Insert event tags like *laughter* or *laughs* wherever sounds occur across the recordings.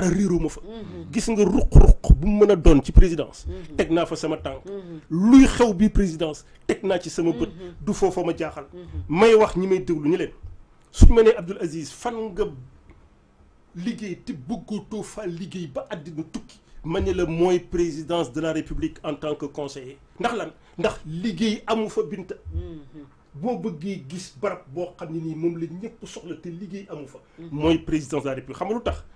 dara réeruma fa gis nga ruq-ruq bu mu mën a doon ci présidence teg naa fa sama tànk luy xew bi présidence teg naa ci sama bët du foofa ma jaaxal may wax ñi may déglu ñi leen suñu ma nee Abdoul Aziz fan nga liggéey te bëggatoo fa liggéey ba addina tukki ma ne la mooy présidence de la république en tant que conseiller ndax lan ndax liggéey amu fa binta boo bëggee gis barab boo xam ne nii moom la ñëpp soxla te liggéey amu fa mooy présidence de la république xam nga lu tax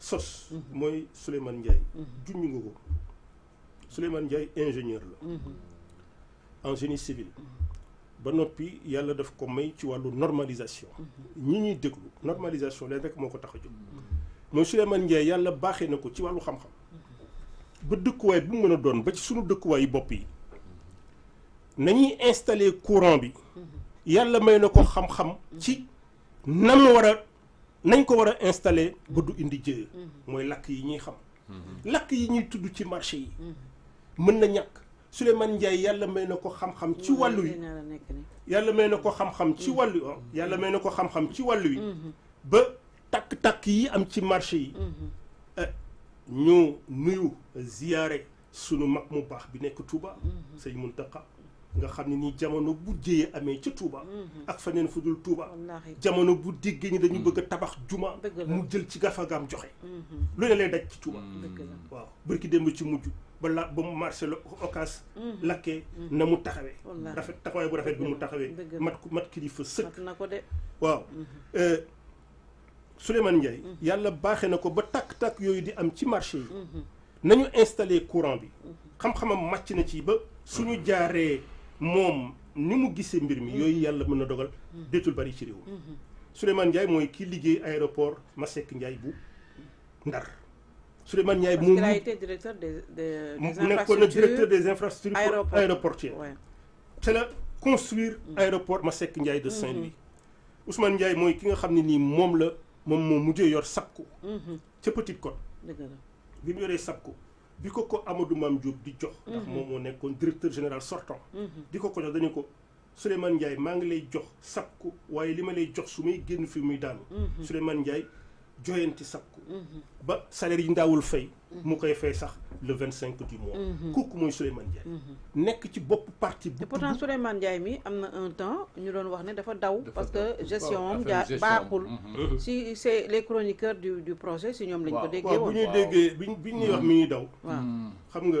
sos moy mhm. Souleymane Ndiaye mhm. junñu nga ko Souleymane Ndiaye ingénieur la mhm. en génie civil ba nopi yalla daf ko may ci walu normalisation ñi ñi déglu normalisation leen rek moko ko tax a jóg mooy Souleymane Ndiaye yàlla baaxee na ko ci walu xam-xam ba way bu mu doon ba ci sunu dëkkuwaayu bopp yi nañi installer courant bi yalla may na ko xam-xam ci nam wara nañ ko war a installer ba du indi jëye mooy lakk yi ñuy xam lakk yi ñuy tudd ci marché yi mën na ñàkk Souleymane Ndiaye yàlla may na ko xam-xam ci wàllu yi yàlla may na ko xam-xam ci wàllu yàlla may na ko xam-xam ci wàllu yi ba takk-takk yi am ci marché yi eh, ñu nuyu ziyaare sunu mag mu baax bi nekk Touba sëñ Mountakha nga xamni ni jamono bu djey amé ci Touba. Mhm. ak feneen fudul Touba. jamono bu diggé ni dañu mhm. bëgg tabax juma. mu jël ci gafagaam joxe. Mhm. lu ne lay daj ci Touba. waaw barki dem ci mujj ba la ba mu marché la occas. na mu taxawé rafet taxawé bu rafet bi mu mat mat kilifa sëkk. na ko de waaw. Euh, Souleymane Ndiaye. yalla baxé nako ba tak tak yoyu di am ci marché nañu installer courant bi. xam-xamam màcc na ci ba suñu jaaree mom ni mu gisse mbir mi de yàlla dogal detul bari ci rew mhm. souleyman Ndiaye ki aéroport Ndiaye bu Ndar souleyman Ndiaye mom il a directeur des des directeur des infrastructures aéroportières c'est construire mhm. aéroport de mhm. Saint-Louis Ousmane Ndiaye moy ki nga xamni ni mom la yor ci Petite Côte bi ko ko Amadou Mame Diop di jox. ndax mhm. moom moo nekkoon directeur général sortant. Mhm. di ko ko jox dañu ko Souleymane Ndiaye maa ngi lay jox sakku waaye li ma lay jox su may génn fi muy daanu. Mhm. Souleymane Ndiaye. joyanti sakku mhm. ba salaire yi ndawul fay mhm. mu koy fay sax le 25 du mois mhm. kooku moy souleyman Ndiaye nek ci bop parti bu pourtant Souleymane Ndiaye mi amna un temps ñu doon wax ne dafa daw parce que gestion am jaa baaxul si c'est les chroniqueurs du du projet si ñoom lañ ko déggé woon bu déggé déggee bi wax mi ngi daw xam nga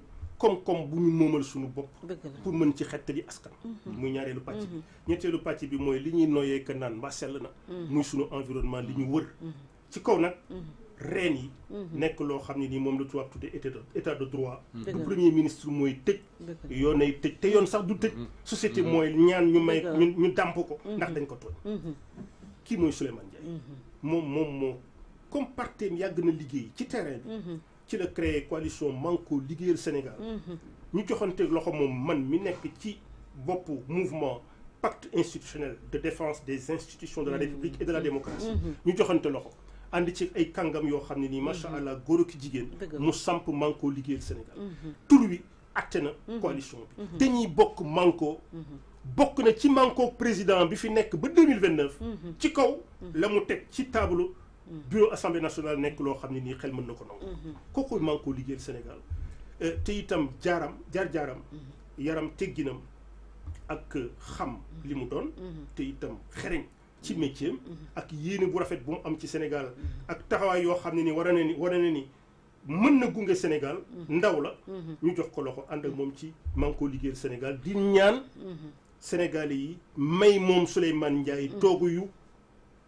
koom-koom bu ñu moomal suñu bopp pour mën ci xettali askan mhm. muy ñaareelu pàcc bi mhm. ñetteelu pàcc bi mooy li ñuy noyee que naan mbaa sell na mhm. muy suñu environnement li ñu wër ci kaw nag reen yi nekk loo xam ne nii moom la tubaab de état de droit bu premier ministre mooy tëj yoon tëj te yoon sax du tëj société mooy ñaan ñu may ñu dàmp ko ndax dañ ko tooñ kii mooy Souleymane Ndiaye moom moom moo comme parteem yàgg na liggéey ci terrain bi qui créer créé coalition Manko le Sénégal. Mhm. ñu joxanteeg loxo moom man mi nekk ci mouvement pacte institutionnel de défense des institutions de la mhm. République et de la mhm. démocratie. ñu joxante loxo ànd ci ay kangam yoo xam ne à la allah góor ak jigéen. mu samp Manko liggéeyal Sénégal. tout lui atteint coalition bi te manco bokk Manko. bokk na ci Manko président bi fi nek ba 2029 ci kaw la montée ci tableau. bureau assemblée nationale nekk loo xam ne nii xel mën na ko nangu. Mhm. kooku maa ngi koo liggéeyal Sénégal euh, te itam jaaram jaar jaaram. Mhm. yaram tegginam ak xam mhm. li mu doon. te itam xereñ ci métier ak yéene bu rafet bu mu am ci Sénégal ak taxawaay yoo xam ne ni war na ni war na ni mën na gunge Sénégal ndaw la. ñu jox ko loxo ànd ak moom ci maa ngi koo liggéeyal Sénégal di ñaan. Sénégalais yi may moom Souleymane Ndiaye toogu yu.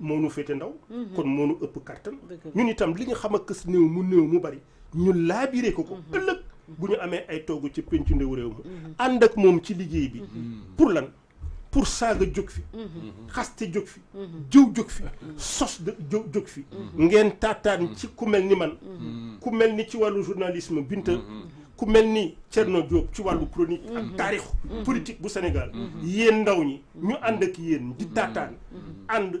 moo nu féete ndaw. Mhm. kon moo nu ëpp kàttan. ñun itam li ñu xam ak kës néew mu néew mu bari ñu laabiree ko ko mhm. ëllëg. bu ñu amee ay togg ci pencu ndew réew mi. Mhm. ànd ak moom ci liggéey bi. pour lan pour saaga jóg fi. xaste jóg fi. jiw jóg fi sos de jóg fi. ngeen taataan ci ku mel ni man. ku mel ni ci wàllu journalisme Binta. ku mel ni Thierno Diop ci wàllu chronique ak taarixu politique bu Sénégal. yéen ndaw ñi ñu ànd ak yéen di taataan ànd.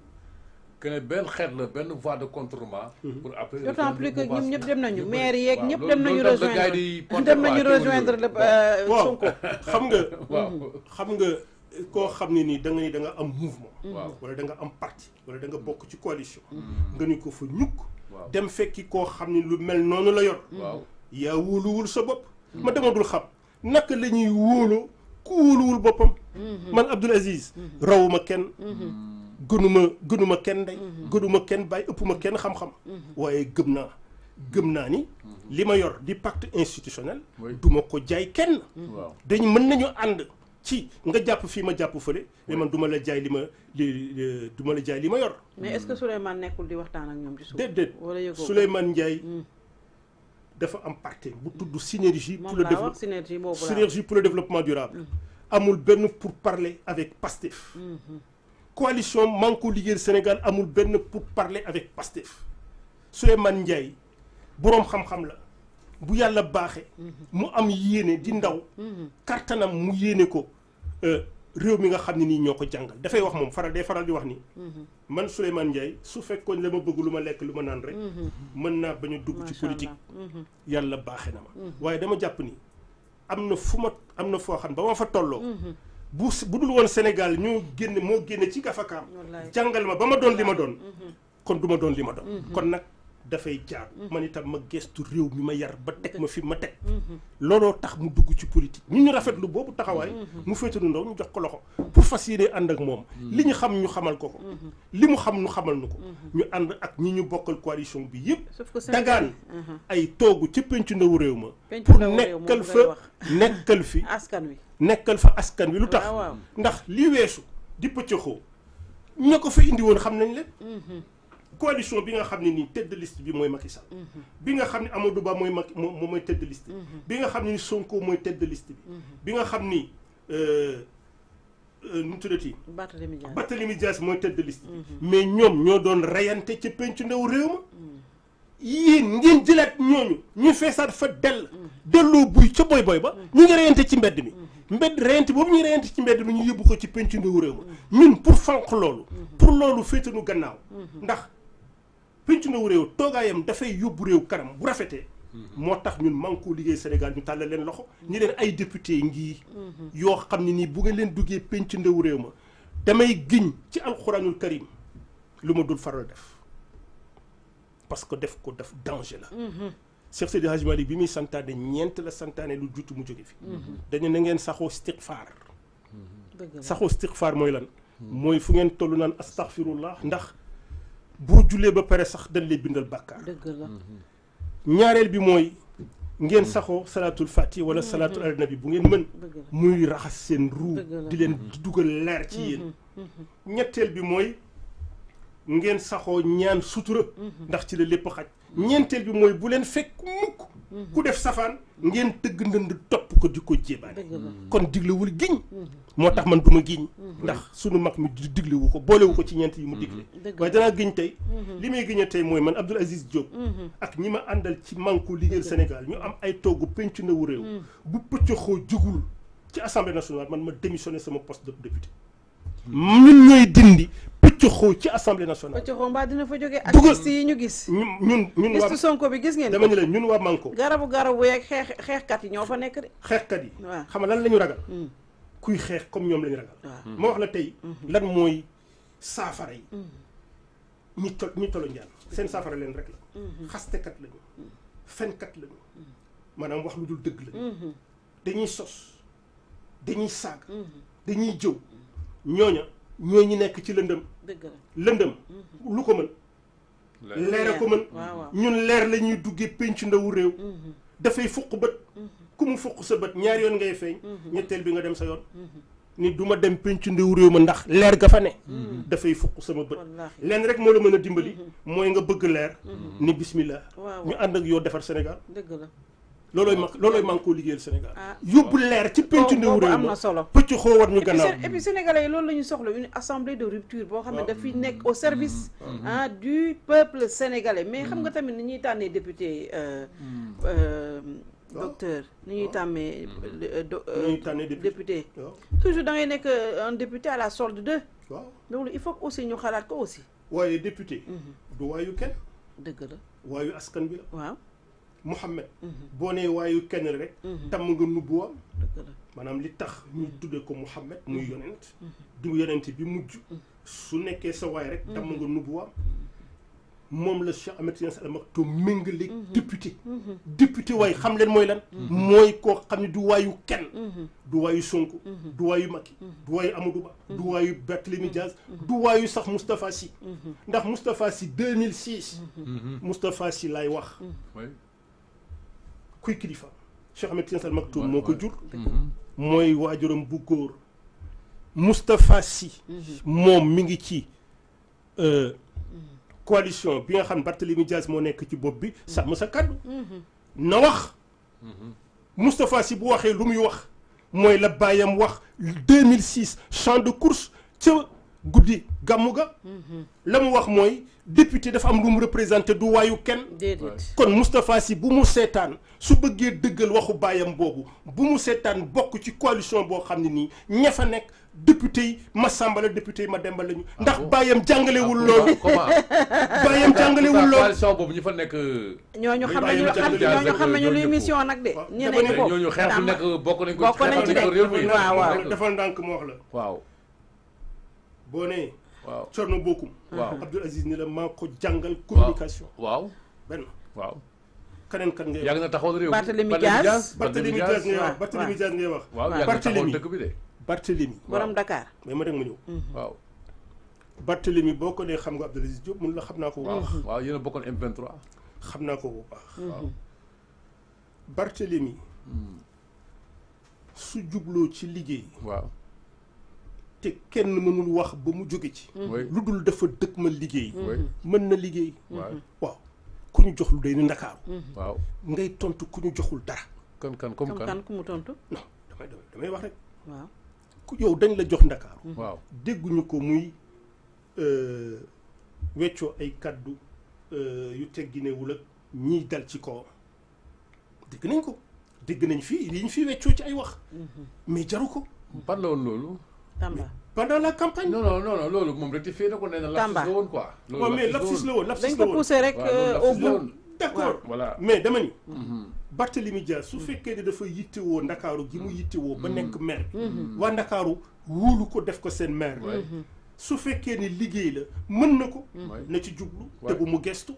que ne benn xeet la benn voie de contournement. Mhm. pour après d'autant plus que euh, xam nga. *laughs* xam nga koo xam ne nii da nga ni da nga am mouvement. Mhm. wala da danga am parti wala danga nga bokk ci coalition. Mhm. nga ni ko fa ñukk. dem fekki koo xam ni lu mel noonu la yor. yaa wóoluwul sa bopp. ma dama dul xam naka la ñuy wóolu ku wóoluwul boppam. Mm-hmm. man Abdoul Aziz mm-hmm. rawuma Ken mm-hmm. gënuma gënuma ken day gënuma ken bàyyi ëppuma ken xam-xam waye gëm naa gëm ni li yor di pacte institutionnel Duma ko jaay ken dañ mën nañu and ci nga japp fi ma japp fële mais man Duma la jaay lima duma la jaay lima yor mais est-ce que souleyman nekul di waxtaan ak ñom ci souleyman déedéet Souleymane Ndiaye mm. dafa am pacte bu tuddu synergie pour le développement synergie pour le développement durable mm. Amoul benn pour parler avec Pastef mhm. coalition Manko du Sénégal Amoul benn pour parler avec Pastef Souleymane Ndiaye boroom xam-xam la bu yàlla baaxe mhm. mu am yéene di ndaw mhm. kartanam mu yéene ko euh, réew mi nga xam ne nii Da ko wax faral day faral di wax ni man Souleymane Ndiaye su fekkoon la ma bëgg luma ma lekk lu ma naan rek mën naa bañ dugg ci politique Yalla baaxe na ma waaye dama jàpp ni am na fu ma am na foo xam ba ma fa tolloo. Mhm. bu bu dul woon Sénégal ñoo génne moo génn ci gafakaam. jàngal ma ba ma doon li ma doon. Mhm. kon du ma doon li ma doon. Mhm. kon nag. dafay jaar mhm. man itam ma gestu réew mi ma yar ba teg ma fi ma teg mhm. looloo tax mu dugg ci politique ñu ñu lu boobu taxawaay mhm. mu féetalu ndaw ñu jox ko loxo pour fas yéene ànd ak moom li ñu xam ñu xamal ko ko li mu xam nu xamal nu ko ñu ànd ak ñi ñu bokkal coalition bi yëpp dagaan ay toog ci pencu ndawu réew ma pour nekkal fa nekkal fi *laughs* askan wi nekkal fa askan wi lu tax ah, ndax li weesu di pëccëxoo ña ko fa indi woon xam nañ leen coalition bi nga xamni ni nii tête de liste bi moy Macky Sall. Mhm. bi nga xamni Amadou Ba moy moy moy mooy tête de liste bi. Mhm. nga xamni Sonko moy tête de liste bi. Mhm. bi nga xamni euh, euh nu mu tuddati. Barthélémy Dias Barthélémy Dias tête de liste mais ñom ñoo doon rayanté ci pencu ndew réew yi yii ngeen jëlaat ñooñu ñu fessat fa dell. delloo buy ci boy boy ba. ñu ngi rayanté ci mbedd mi. mbedd reyante bu ñu rayanté ci mbedd mi ñu yóbbu ko ci pencu ndew réew ma. ñun pour fànq lolu pour loolu féetanu gannaaw ndax. pénc ndaw réew toogaayam dafay yóbbu réew kanam bu rafetee. moo tax ñun manko liggéey Sénégal ñu tàllal leen loxo. ñi leen ay député ngii. yoo xam ne nii bu ngeen leen duggee pénc ndaw réew ma. damay giñ ci alxuraanul karim lu ma dul faral def parce que def ko def danger la. Cheikh Seydi Hadji bi muy santaane ñeent la santaane lu juutu mu jóge fi. dañu na ngeen saxoo istigfaar. saxoo istigfaar mooy lan. mooy fu ngeen toll naan astaghfirullah ndax. bu jullee ba pare sax dañ lay bindal bàkkaar mm-hmm. ñaareel bi mooy ngeen saxoo salaatul fati wala salaatul ala bu ngeen mën muy raxas seen ruu di leen dugal leer ci yéen mm-hmm. ñetteel bi mooy ngeen saxoo ñaan sutura mm-hmm. ndax ci la lépp xaj ñeenteel bi mooy bu leen fekk mukk ku def safaan ngeen tëgg ndënd topp ko di ko jébaane kon diglewul giñ moo tax man du ma giñ ndax sunu mag mi digle wu ko boolewu ko ci ñeent yi mu digle mm-hmm. waaye danaa giñ tey mm-hmm. li may giñe tey mooy man Abdoul Aziz Diop mm-hmm. ak ñi ma àndal ci manko liggéeyal Sénégal ñu am ay togg pencu ndawu réew mm. bu pëccaxoo jugul ci assemblée nationale man ma démissionné sama poste de député mm. ñun ñooy dindi pëccaxoo ci assemblée nationale pëccaxoo mbaa dina fa jógee activiste yi ñu gis ñun ñu waa Sonko bi gis ngeen dama ne leen ñun waa manko garabu garabu yeeg xeex xeexkat yi ñoo fa nekk xeexkat yi xam nga lan la ñu ragal mm. kuy xeex comme ñoom lañu ragal. Ah. ma wax la tey. Mm-hmm. lan mooy saafara yi. Mm-hmm. ñi to ñi tolo njaan mm-hmm. seen safara leen rek la. xastekat lañu. fenkat lañu. maanaam wax lu dul dëgg lañu. dañuy sos dañuy saag. dañuy jëw ñooña ñoo ñi nekk ci lëndëm. dëgg la lëndëm lu ko mën. leer a ko mën. ñun leer la duggee penc ndawu réew. dafay fuq bët. kumu mu fukk sa bët ñaar yoon ngay feñ mhm. ñettel bi nga dem sa yoon ni duma dem penc ndiw rew ma ndax leer ga fa ne mhm. fay fukk sama bët leen rek mo la mën a dimbali moy mhm. nga bëgg leer ni bismillah ñu and ak yo defar sénégal dëgg la loloy ma looloy maa Sénégal. Ah. leer ci pencu ndaw rew ma pëcc xoo ñu gannaaw. et puis sénégalais loolu lañu soxla une assemblée de rupture bo xam da dafiy nekk au service. ah du peuple sénégalais mais xam nga tamit ni ñi tànnee député. Euh, euh, docteur ni ñuy mm-hmm. euh, euh, député toujours da ngay nek euh, un député à la solde de Donc il faut aussi ñu xalat ko aussi waaye député mm-hmm. du wayu kenn dëgg la waayu askan bi la waaw mohammed mm-hmm. boné wayu waayu kenn rek tam nga nubbuwaam manam li tax ñu tuddee ko mohammed muy yonent du yonent bi mujj su nekké sa way rek tam nga nubbuwaam mom le Cheikh Ahmed Tidiane Sy to Maktoum mhm. député mhm. député way xam len moy lan moy mhm. ko xamni du wayu kenn du wayu Sonko du wayu Macky du wayu Amadou Ba du waayu Barthélémy Diaz du wayu sax mustapha Sy ndax mustapha 2006 mustapha Sy lay wax kuy kilifa Cheikh Ahmed Tidiane Sy to moko jur mooy waajuram bu góor coalition bi nga xam Barthélémy Diaz mo nek ci bopp bi ça sa kaddu mhm. na wax mhm. Moustapha Sy bu waxe lu muy wax la bayam 2006 champ de course goudi gamouga mhm. député dafa am lu représenter du kon Moustapha si bu mu su de waxu bayam bu mu ci coalition bo député ma député ma dembal lañu ah ndax bayam wul ah, *laughs* coalition bobu ñu fa nek ñoñu nañ ko defal boo nee. waaw Thierno Bocoum. waaw Abdoul Aziz ni la maa ko jàngal. communication waaw benn. waaw keneen kat ngay wax. yàgg na taxawal réew mi Barthélemy Diaz Barthélemy Diaz ngay wax Barthélemy Diaz ngay wax. waaw yàgg na borom Dakar. mais ma dégg ma ñëw. Mhm. waaw. Barthélemy boo ko nee xam nga Abdoul Aziz Diop mun la xam naa ko bu baax. Mhm. waaw yéen xam naa ko mhm. su jubloo ci liggéey. waaw. te kenn mënul wax ba mu jóge ci. Mm-hmm. lu dul dafa dëkk ma liggéey. Mm-hmm. mën na liggéey. waaw ku ñu jox lu day ni ndakaaru. Mm-hmm. ngay tontu ku ñu joxul dara. kan kan ku mu tontu. non damay damay wax rek. yow dañ la jox ndakaaru. waaw dégguñu ko muy euh, weccoo ay kàddu euh, yu tegginewul ak ñiy dal ci kawam dégg nañ ko dégg nañ fii li ñu fi weccoo ci ay wax. mais jaru ko. ban loolu. Tamba. pendant campagne. non non na ko nee na. Tamba lapsus la woon quoi. loolu lapsus la woon mais lapsus la woon lapsus la woon ko poussé rek euh, au bout. d'accord voilà mais dama ni. Mhm. Barthélemy Dias su mhm. fekkee ne dafa yittewoo Ndakaaru gi mu mhm. yittewoo ba nekk maire. waa Ndakaaru wóolu ko def ko seen maire. su fekkee ni liggéey la mën na ko. na ci jublu te bu mu gestu.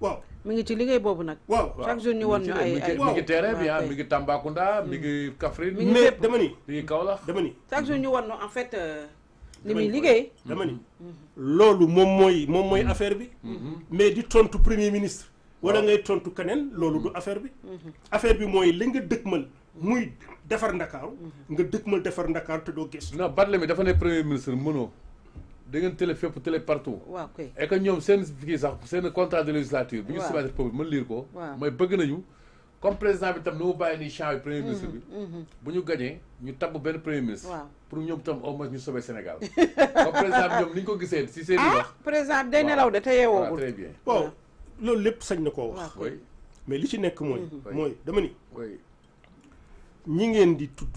waaw mi ngi ci liggéey boobu nag. waaw chaque jour ñu won ñu ay ay mi ngi terrain bi ah mi ngi Tambacounda mi ngi hmm. Kaffrine. mi ngi fépp dama ni mi ni. chaque jour ñu won ñu en fait li euh, muy liggéey. dama ni hmm. loolu moom mooy moom mooy hmm. affaire bi. mais di tontu premier ministre. wala ngay tontu keneen loolu du affaire bi. affaire bi mooy li nga mal muy defar ndakaaru nga dëkkmal defar ndakaaru te doo gëstu. non Barthélémy dafa ne premier ministre mënoo. da ngeen télé fépp télé partout. waaw kay et que ñoom seen kii sax seen contrat de législature. bi ñu soumettre peuple mën lire ko. mooy bëgg nañu. comme président bi tam ni mu bàyyi nii champ bi premier hmm, ministre bi. Hmm. bu ñu gañee ñu tabb benn premier ministre. pour ñoom tam au moins ñu sauver Sénégal. *laughs* comme président bi ñoom ni ñu ko gisee si seen i wax. ah président day nelaw de te yeewoogul très bien. bon loolu lépp sañ na koo wax. mais li ci nekk mooy. Hmm, mooy dama ni. ñi ngeen di tudd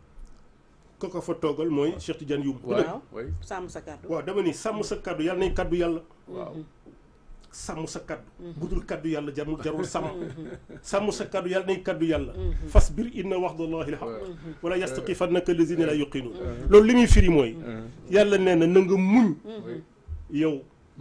ko ko fa toogal mooy Cheikh Tidiane Youm. waaw sàmm sa kaddu. waaw dama ni sa kaddu yàlla nañ kaddu yàlla. waaw mm-hmm. sàmm sa kaddu. budul mm-hmm. kaddu yàlla jarul *laughs* jarul sàmm. Mm-hmm. sàmm sa kaddu yàlla nañ kaddu yàlla. fas bir inna waxdallahi lxaq. wala yastaqifannaka lazina la yuqinuun loolu li muy firi mooy. yàlla nee na na nga muñ. yow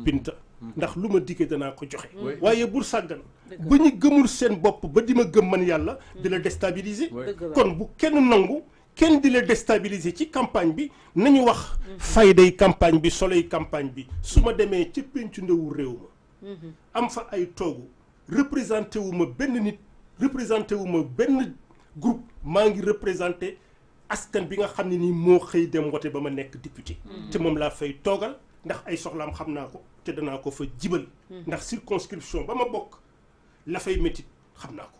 Binta. ndax lu ma diggee danaa ko joxe. waaye bul sàggan. ba ñu gëmul seen bopp ba di ma gëm man yàlla. di la déstabiliser. kon bu kenn nangu. kenn di le déstabiliser ci campagne bi nañu wax fayday campagne bi soleil campagne bi suma ma ci ca péncu ndewu réew mhm. am fa ay togu représenté wuma ma nit représenté wuma ma groupe mangi ngi représenté askan bi nga xamni ne nii dem wote bama nek député mhm. té mom la fay togal ndax ay soxlam xamna ko té dana ko fa jibal mhm. ndax circonscription bama ma la fay metti xamna ko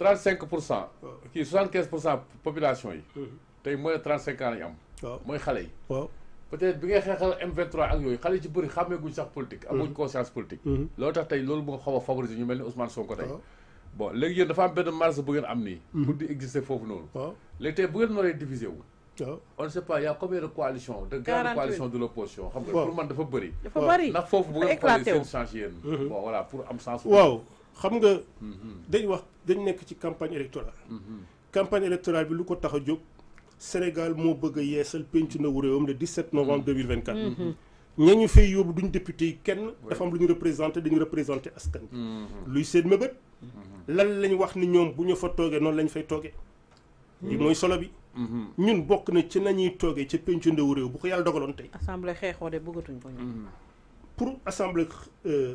35 qui 75 population yi. 35 hum. ans am. yi. peut-être bi M23 ak yoy xalé sax politique. Hum. conscience politique. Hum. lo tax tay y favoriser ñu Ousmane Sonko bon am marge bu am pour bu diviser on ne sait pas y' a combien de coalitions. de grandes coalitions de l'opposition, xam nga pour man voilà pour am sens xam nga mhm. dañ wax dañ nekk ci campagne électorale mhm. campagne électorale bi lu ko tax a jóg Sénégal moo bëgg a yeesal penc na wu réewam le 17 novembre 2024 mhm. ña ñu fay yóbbu duñ député yi kenn dafa am lu ñu représenté dañu représenté askan bi luy seen mëbët lan lañ wax ni ñoom bu ñu fa toogee noonu lañ fay toogee li mooy solo bi ñun bokk na ci nañuy toogee ca pencu ndaw réew bu ko yàlla dogaloon tey assemblée xeexoo de bëggatuñ ko ñun pour assemblée euh,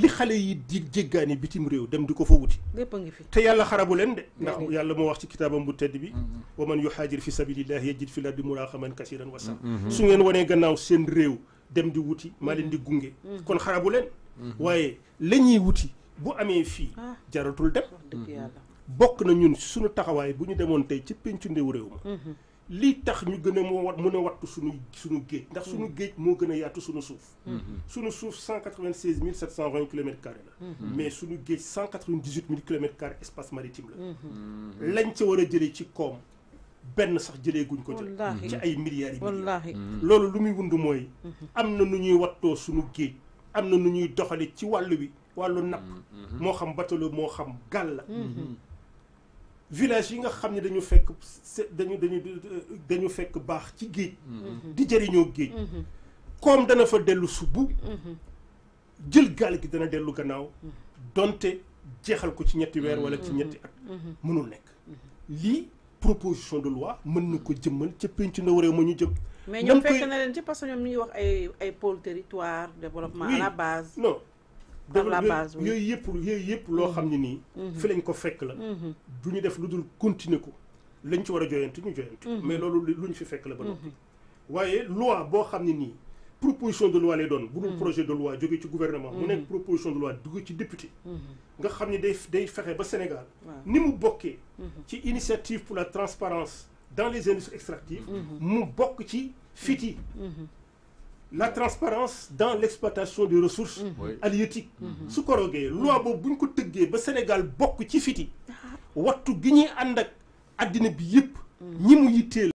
li xale yi di jéggaani bitim rew dem diko ko fa wuti lépp a fi te yàlla xarabu leen de ndax yàlla mo wax ci kitabam bu tedd bi wa man yuhajir fi sabilillahi yajid fi lardi muraqaman kaseeran wa sam su ngeen woné gannaaw seen rew dem di wuti ma len di gunge kon xarabu leen waaye la wuti bu amé fi jaratul dem bok na ñun suñu taxaway bu ñu demoon tay ci péncu ndew rew ma li tax ñu gëna a moo mën a wattu suñu suñu géej ndax suñu mm-hmm. géej mo gëna a yaatu suñu suuf mm-hmm. suñu suuf 196720 km2 la mm-hmm. mais suñu géej cent km2 espace maritime la lañ ci war jëlé ci koom ben sax jëlé guñ ko jël ci ay milliards yi wallaahi loolu lu muy wund moy amna nu ñuy watto suñu géej amna nu ñuy doxali ci walu bi walu nap mo xam batelo mo xam gal village yi nga xam dañu fekk dañu dañu dañu fekk baax ci géej mhm. di jëriñoo géej comme mhm. dana fa dellu subb mhm. jël gaal gi dana dellu gannaaw donte jeexal ko ci ñetti weer wala ci ñetti at mënul nekk lii proposition de loi mën na jëmmal na mais ñoom fekk na leen ci parce que ñoom wax pôle territoire développement à la base par la base yooyu yëpp yooyu yëpp loo xam ne nii. Mhm. fi lañ ko fekk la. Mhm. du ñu def lu continuer ko lañ ci war a joyante ñu mhm. mais loolu luñ fi fekk la ba noppi. waaye loi boo xam ne proposition de loi lay doon. bu dul projet de loi jóge ci gouvernement. mu nekk proposition de loi dugg ci député. nga xam ne day day fexe ba Sénégal. ni mu bokkee. ci initiative pour la transparence dans les industries extractives. mu bokk ci fiti la transparence dans l'exploitation de ressources mm-hmm. halieutiques mm-hmm. su ko rogee mm-hmm. loi boobu bu ko tëggee Sénégal bokk ci fiti ah. wattu gi ñuy ànd bi mm. mu